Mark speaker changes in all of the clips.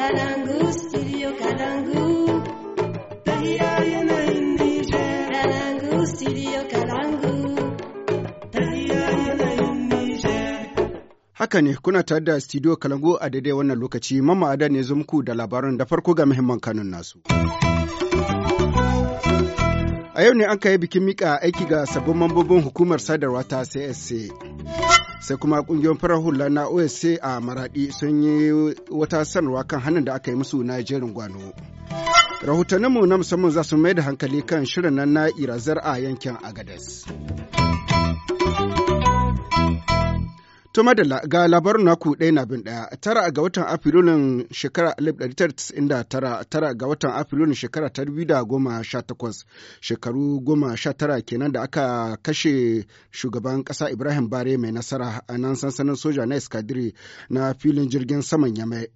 Speaker 1: Kalangu,
Speaker 2: Haka ne kuna tare da studio Kalangu a daidai wannan lokaci mamma Ada ne zo muku da labaran da farko ga muhimman kanun nasu. A yau ne an kai bikin mika aiki ga sabbin mambobin hukumar sadarwa ta CSC. sai kuma kungiyoyin farar hula na osa a maradi sun yi wata sanarwa kan hannun da aka yi musu na jerin gwano rahotanninmu na musamman za su mai da hankali kan shirin nan na irazar a yankin
Speaker 3: agadas.
Speaker 2: To madalla ga labarin naku ɗaya na bin ɗaya tara ga watan Afrilun shekara 1999 tara ga watan Afrilun shekara ta takwas shekaru goma sha tara kenan da aka kashe shugaban ƙasa Ibrahim Bare mai nasara a nan sansanin soja na iskadiri na filin jirgin saman Yamai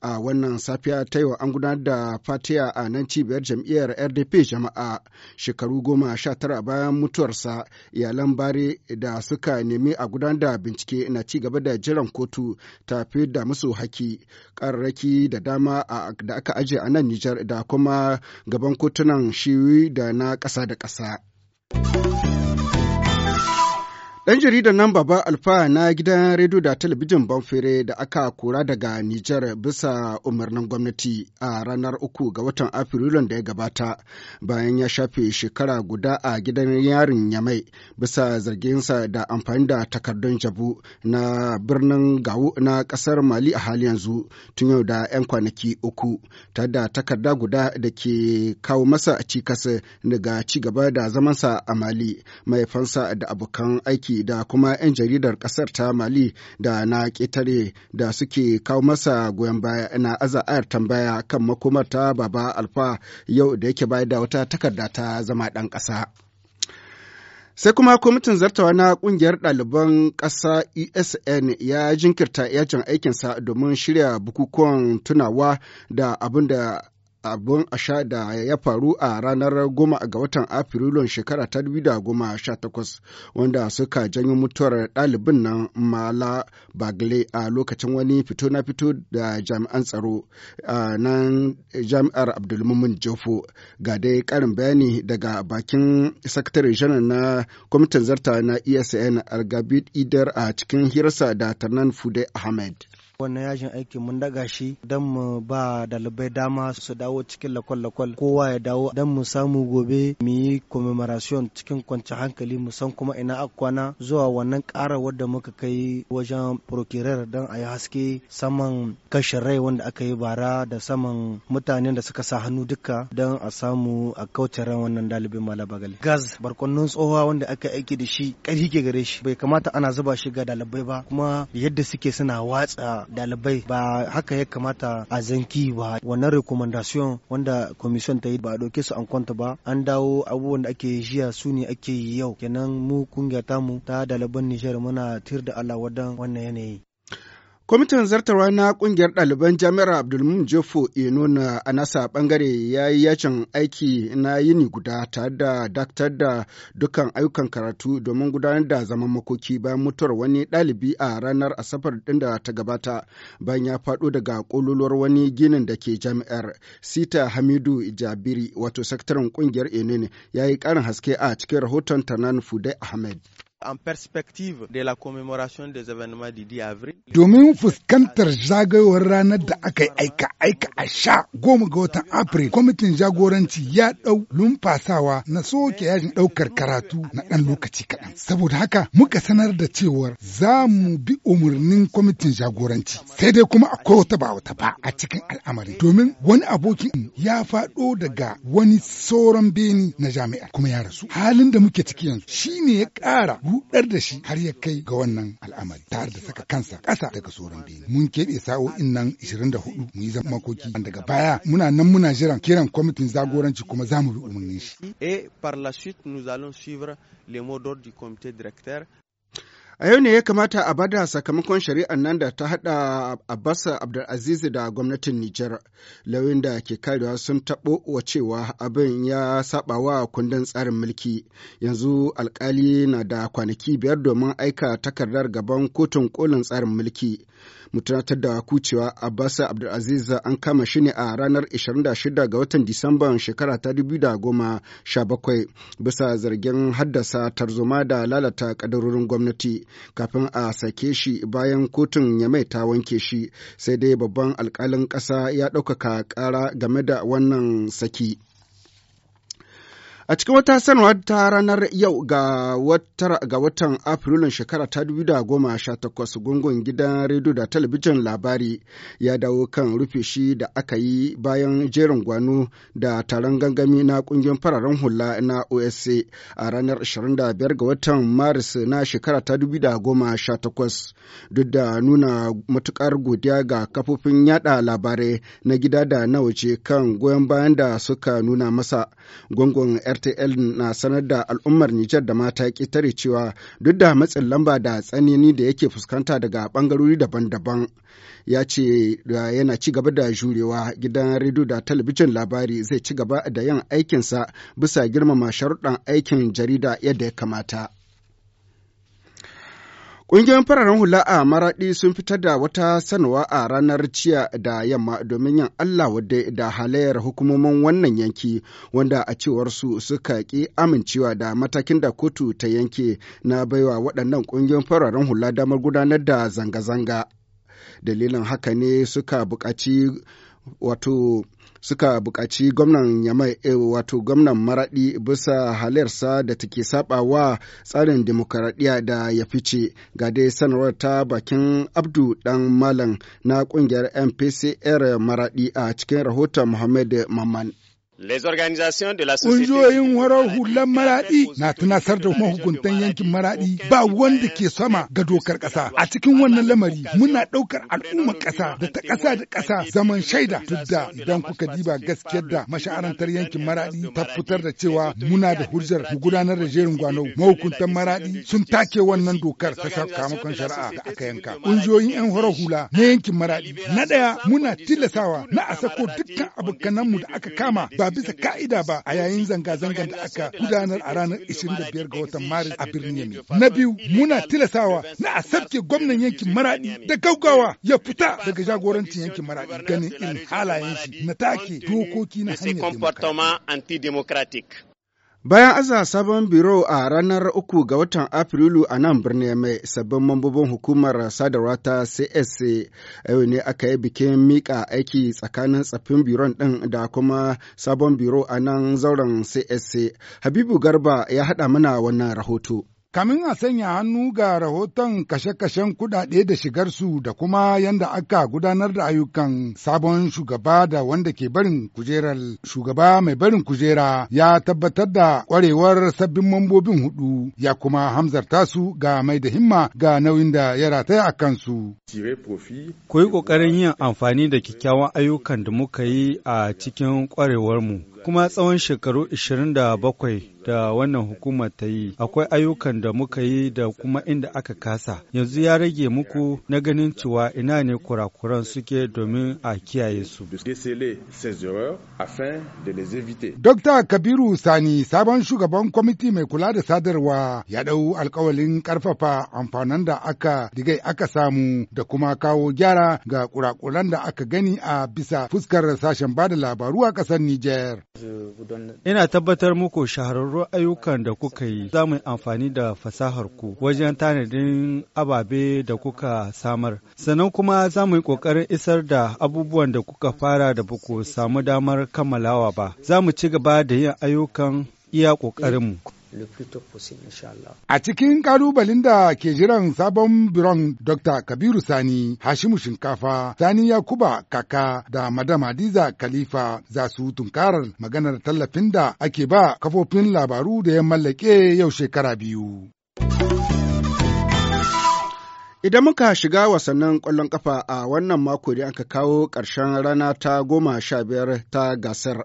Speaker 2: a wannan safiya ta yau an gudanar da fatiya a nan cibiyar jam'iyyar rdp jama'a shekaru goma sha tara bayan mutuwarsa iyalan bari da suka nemi a gudanar da bincike na ci gaba da jiran kotu ta fi da musu haki ƙararraki da dama da aka aje a nan nijar da kuma gaban kotunan shiwi da na ƙasa da ƙasa. Ɗan jaridar nan Baba Alfa na gidan rediyo da talabijin Banfere da aka kura daga Nijar bisa umarnin gwamnati a ranar uku ga watan Afrilun da ya gabata bayan ya shafe shekara guda a gidan yarin Yamai bisa zarginsa da amfani da takardun jabu na birnin Gawo na kasar Mali a hali yanzu tun yau da 'yan kwanaki uku ta da takarda guda da ke kawo masa cikas daga ci gaba da zamansa a Mali mai fansa da abokan aiki da kuma 'yan jaridar ƙasar ta Mali da na ƙetare da suke kawo masa goyon baya na aza ayar tambaya kan makomar ta Baba Alfa yau da yake bayar da wata takarda ta zama ɗan ƙasa. sai kuma kwamitin zartawa na kungiyar ɗaliban ƙasa esn ya jinkirta yajin aikinsa domin shirya bukukuwan tunawa da abin da abin a sha da ya faru a ranar goma ga watan afrilun shekara ta da goma sha takwas wanda suka janyo mutuwar ɗalibin nan mala bagle a lokacin wani fito na fito da jami'an tsaro a nan jami'ar abdulmumin jofo ga dai karin bayani daga bakin sakatare janar na kwamitin zarta na esn algabit idar a cikin hirarsa da tarnan fude ahmed
Speaker 1: wannan yajin aiki mun daga shi don mu ba dalibai dama su dawo cikin lakwal-lakwal kowa ya dawo don mu samu gobe mu yi commemoration cikin kwanci hankali mu san kuma ina akwana. kwana zuwa wannan ƙara wadda muka kai wajen prokirar don a yi haske saman kashin rai wanda aka yi bara da saman mutanen da suka sa hannu duka don a samu a kauce ran wannan dalibin malabagali gas barkonnin tsohuwa wanda aka aiki da shi ƙarfi ke gare shi bai kamata ana zuba shi ga dalibai ba kuma yadda suke suna watsa dalibai ba haka ya kamata a zanki ba wannan recommendation wanda commission ta yi ba a su an kwanta ba an dawo abubuwan da ake jiya su ne ake yi yau kenan mu kungiya tamu ta daliban Nijar muna tir da Allah wadan wannan yanayi
Speaker 2: Kwamitin zartarwa na kungiyar ɗaliban jami'ar Abdulmumin Jofo Eno na Anasa ɓangare ya yi yajin aiki na yini guda tare da daktar da dukkan ayyukan karatu domin gudanar da zaman makoki bayan mutuwar wani ɗalibi a ranar Asabar ɗin da ta gabata bayan ya faɗo daga ƙololuwar wani ginin da ke jami'ar. Sita Hamidu Jabiri wato sakataren kungiyar ne ya yi ƙarin haske a cikin rahoton Tanan Fude Ahmed.
Speaker 3: Domin fuskantar zagayowar ranar da aka yi aika aika a sha goma ga watan Afril, kwamitin jagoranci ya ɗau lumfasawa na soke yajin ɗaukar karatu na ɗan lokaci kaɗan. Saboda haka muka sanar da cewar za mu bi umarnin kwamitin jagoranci. Sai dai kuma akwai wata ba wata ba a cikin al'amarin. Domin wani abokin ya faɗo daga wani sauran beni na jami'a kuma ya rasu. Halin da muke ciki yanzu shine ya ƙara budar da shi har ya kai ga wannan al'amari tare da saka kansa ƙasa daga sauran bene mun keɓe sa'o'in nan 24 mu yi zama makoki daga baya muna nan muna jiran kiran kwamitin zagoranci kuma za mu bi umarnin shi
Speaker 2: et par la suite nous allons suivre les mots d'ordre du comité directeur A yau ne ya kamata a bada sakamakon shari'ar nan da ta haɗa Abbasa Abdulaziz da gwamnatin Nijar. Lauyin da ke karewa sun taɓo wa cewa abin ya saba wa kundin tsarin mulki. Yanzu alkali na da kwanaki biyar domin aika takardar gaban kotun kolin tsarin mulki. mu tunatar da ku cewa Abbas Abdulaziz an kama shi ne a ranar 26 ga watan Disamban shekara ta 2017 bisa zargin haddasa tarzoma da lalata kadarorin gwamnati kafin a sake shi bayan kotun ya mai ta wanke shi sai dai babban alkalin ƙasa ya ɗaukaka ƙara game da wannan saki. A cikin wata sanarwa ta ranar yau ga, watan Afrilun shekara ta takwas, gungun gidan rediyo da talabijin labari ya dawo kan rufe shi da aka yi bayan jerin gwanu da taron gangami na kungiyar fararen hula na OSA a ranar 25 ga watan Maris na shekara ta takwas, duk da nuna matukar godiya ga kafofin yada labarai na gida da na waje kan goyon bayan da suka nuna masa gungun RTL na sanar da al'ummar Nijar da mata tare cewa duk da matsin lamba da tsanani da yake fuskanta daga bangarori daban-daban ya ce yana ci gaba da jurewa gidan rediyo da talabijin labari zai ci gaba da yin aikinsa bisa girmama sharuɗan aikin jarida yadda ya kamata. Ƙungiyoyin fararen hula a Maraɗi sun fita da wata sanuwa a ranar ciya da yamma domin yin Allah wadda da halayyar hukumomin wannan yanki wanda a cewar su suka ƙi amincewa da matakin da kotu ta yanke na baiwa waɗannan ƙungiyoyin fararen hula damar gudanar da zanga-zanga. Dalilin haka ne suka buƙaci wato suka buƙaci gwamnan yamai eh, wato gwamnan maraɗi bisa halarsa da take saba wa tsarin demokaradiyya da ya fice ga dai sanarwar ta bakin abdu dan malam na ƙungiyar mpcr maraɗi a cikin rahoton muhammad mamman.
Speaker 3: Ƙungiyoyin warar hular maraɗi na tunasar da mahukuntan yankin maraɗi ba wanda ke sama ga dokar ƙasa. A cikin wannan lamari muna ɗaukar al'ummar ƙasa da ta ƙasa da ƙasa zaman shaida duk da idan kuka diba gaskiyar da masha'arantar yankin maraɗi ta fitar da cewa muna da hujjar mu gudanar da jerin gwano mahukuntan maraɗi sun take wannan dokar ta sakamakon shari'a da aka yanka. Ƙungiyoyin 'yan warar hula na yankin maraɗi na ɗaya muna tilasawa na a sako dukkan abokananmu da aka kama ba bisa ka'ida ba a yayin zanga-zangar da aka gudanar a ranar 25 ga watan Maris a birnin yami Na biyu muna tilasawa na a sabke gwamnan yankin Maradi da gaugawa ya fita daga jagorancin yankin Maradi ganin irin halayen shi na take dokoki na
Speaker 2: hanyar demokratik. Bayan aza sabon biro a ranar uku ga watan Afrilu a nan birni mai sabbin mambobin hukumar sadarwa ta CSC yau ne aka yi bikin mika aiki tsakanin tsaffin biro ɗin da kuma sabon biro a nan
Speaker 3: zauren CSC. Habibu Garba ya haɗa mana wannan rahoto. Kamin a sanya hannu ga rahoton kashe-kashen kudade da shigarsu da kuma yadda aka gudanar da ayyukan sabon shugaba da wanda ke barin kujerar shugaba mai barin kujera ya tabbatar da kwarewar sabbin mambobin hudu ya kuma hamzarta su ga mai da himma ga nauyin da ya rataya a kansu.
Speaker 2: Ku yi ƙoƙarin yin amfani da kyakkyawan ayyukan da muka yi a cikin mu. kuma tsawon shekaru 27 da wannan hukumar ta yi akwai ayyukan da muka yi da kuma inda aka kasa yanzu ya rage muku na ganin cewa ina ne kurakuran suke domin a kiyaye su
Speaker 3: Dokta Kabiru Sani sabon shugaban kwamiti mai kula da sadarwa ya ɗau alkawalin karfafa amfanin da aka digai aka samu da kuma kawo gyara ga kurakuran da aka gani a bisa fuskar sashen bada labaru a ƙasar niger.
Speaker 2: Ina tabbatar muku shahararru ayyukan da kuka yi za mu amfani da fasahar ku wajen tanadin ababe da kuka samar. Sannan kuma za mu yi ƙoƙarin isar da abubuwan da kuka fara da buku samu damar kammalawa ba. Za mu ci gaba da yin ayyukan iya ƙoƙarinmu.
Speaker 1: le plus tôt
Speaker 3: A cikin ƙalubalen da ke jiran sabon biron Dr. Kabiru Sani, Hashimu Shinkafa, Sani Yakuba Kaka da Madam Hadiza Khalifa za su tunkarar maganar tallafin da ake ba kafofin labaru da ya mallake yau shekara biyu.
Speaker 2: Idan muka shiga wasannin ƙwallon ƙafa a wannan mako da aka kawo ƙarshen rana ta goma sha biyar ta gasar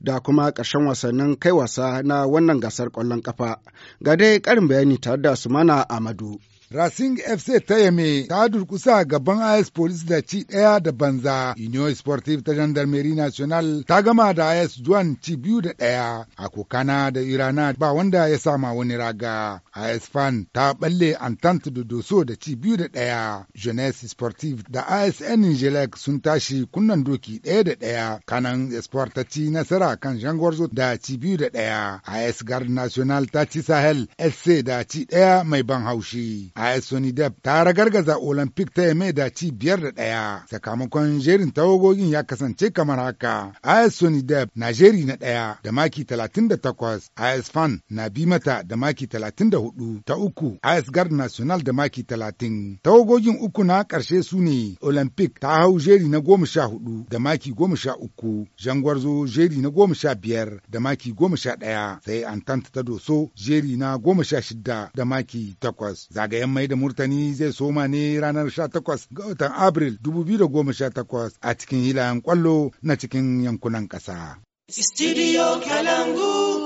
Speaker 2: da kuma ƙarshen wasannin kai wasa na wannan gasar ƙwallon ƙafa. Ga dai ƙarin bayani tare da Sumana
Speaker 3: Amadu. Racing FC ta Yame ta durkusa gaban IS Police da ci ɗaya da banza. Union Sportive ta Gendarmerie National ta gama da IS Juan ci biyu da ɗaya. A kokana da Irana ba wanda ya sama wani raga. IS Fan ta balle Entente da Doso da ci biyu da ɗaya. Jeunesse Sportive da IS Nigelec sun tashi kunnan doki ɗaya da ɗaya. Kanan Sport ta ci nasara kan Jangorzo da ci biyu da ɗaya. IS Guard National ta ci Sahel SC da ci ɗaya mai ban haushi. Sonidep ta ragargaza Olympic ta mai da ci biyar da ɗaya. Sakamakon jerin tawagogin ya kasance kamar haka. AS Sonidep na jeri na ɗaya da maki talatin takwas, AS Fan na bi mata da maki talatin da hudu ta uku, AS Guard National da maki talatin. Tawagogin uku na karshe su ne Olympic ta hau jeri na goma sha hudu da maki goma sha uku, Jangwarzo jeri na goma sha biyar da maki goma sha ɗaya, sai Antanta ta doso jeri na goma sha shida da maki takwas. zagaya. 'yan mai da murtani zai soma ne ranar 18 ga watan Abril 2018 a cikin hilayen kwallo na cikin yankunan ƙasa.
Speaker 1: Studio
Speaker 2: Kalangu.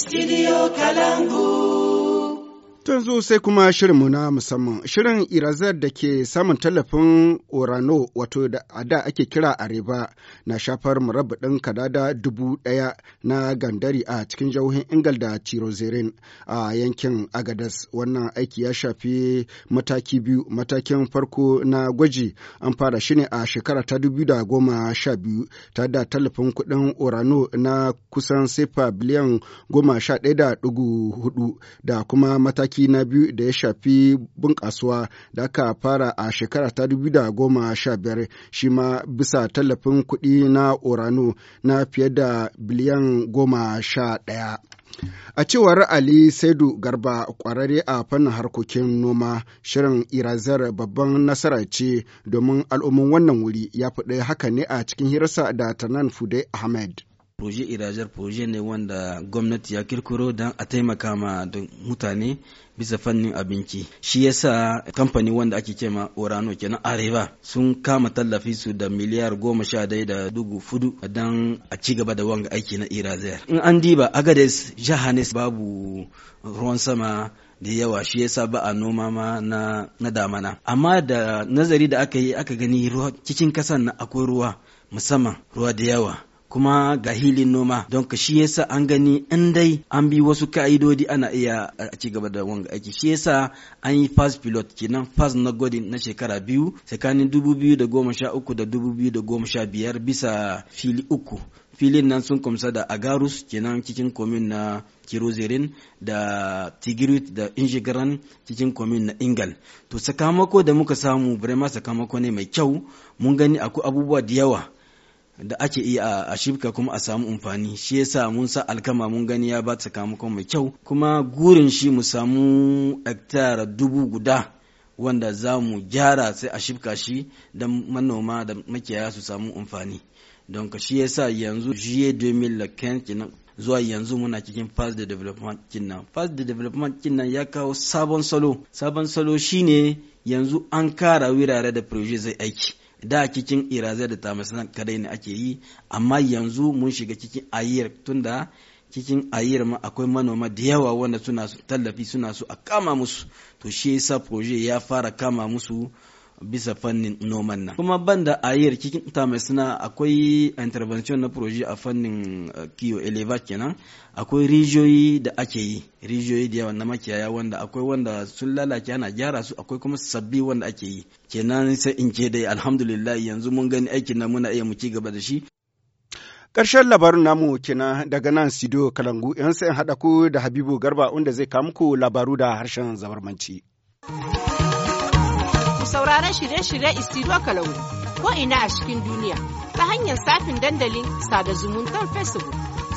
Speaker 2: Studio Kalangu. Tunzu sai kuma shirinmu na musamman shirin irazar da ke samun tallafin orano wato da a da ake kira areba na shafar murabbaɗin kadada dubu ɗaya na gandari a cikin jauhin ingal da tirozerin a yankin agadas wannan aiki ya shafi mataki biyu matakin farko na gwaji an fara shi ne a shekara ta dubu da goma sha biyu ta da tallafin kuɗin orano na kusan sefa biliyan goma sha ɗaya da hudu da kuma mataki mataki na biyu da ya shafi bunƙasuwa da aka fara a shekara ta da goma sha biyar shi ma bisa tallafin kuɗi na orano na fiye da biliyan goma sha ɗaya. A cewar Ali Saidu Garba ƙwararre a fannin harkokin noma shirin Irazar babban nasara ce domin al'umman wannan wuri ya faɗi haka ne a cikin hirarsa da Tanan Fude Ahmed.
Speaker 1: proje irajar proje ne wanda gwamnati ya kirkiro don a taimaka ma da mutane bisa fannin abinci shi yasa kamfani wanda ake kema orano kenan arewa sun kama tallafi su da miliyar goma sha dai da dugu fudu don a ci gaba da wanga aiki na irazer in an diba agades jahanes babu ruwan sama da yawa shi yasa ba a noma ma na, na damana amma da nazari da aka yi aka gani cikin kasan na akwai ruwa musamman ruwa da yawa kuma ga hilin noma don ka shi yasa an gani in dai an bi wasu ka'idodi ana iya a ci gaba da wanga aiki shi yasa an yi fas pilot kenan fas na godin na shekara biyu tsakanin 2013 da 2015 bisa fili uku filin nan sun kumsa da agarus kenan cikin komin na kirozerin da tigirit da injigaran cikin komin na ingal to sakamako da muka samu birema sakamako ne mai kyau mun gani akwai abubuwa da yawa da ake iya a shibka kuma a samu amfani shi yasa mun sa alkama mun gani ya ba sakamakon mai kyau kuma gurin shi mu samu hektara dubu guda wanda za mu gyara sai a shibka shi da manoma da makiyaya su samu amfani don ka shi yasa yanzu juye 2015 kinan zuwa yanzu muna cikin fast the development kinan fast the development kinan ya kawo sabon salo sabon salo shine yanzu an kara wirare da projet zai aiki da cikin iraza da ta tamasan kadai ne ake yi amma yanzu mun shiga cikin ayyar tunda cikin ayyar ma akwai manoma da yawa wanda suna tallafi suna su a kama musu to shi yasa proje ya fara kama musu bisa fannin noman nan kuma banda da yi cikin ta mai suna akwai intervention na proje a fannin eh, kiyo eleva kenan akwai rijiyoyi da ake yi rijiyoyi da yawa na makiyaya wanda akwai wanda sun lalace ana gyara su akwai kuma sabbi wanda ake yi kenan sai in ce dai alhamdulillah yanzu mun gani aikin nan muna iya mu ci gaba da shi
Speaker 2: karshen labarin namu kenan daga nan Sido Kalangu, ‘yan sai haɗa ku da Habibu Garba, wanda zai kawo muku labaru da harshen zabarmanci.
Speaker 1: sauraron shirye shiryen Istiro Kalangu ko ina a cikin
Speaker 2: duniya ta hanyar safin dandalin sada zumuntar Facebook.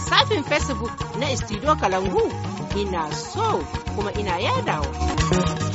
Speaker 2: Safin Facebook na Istiro Kalangu ina so kuma ina yadawa.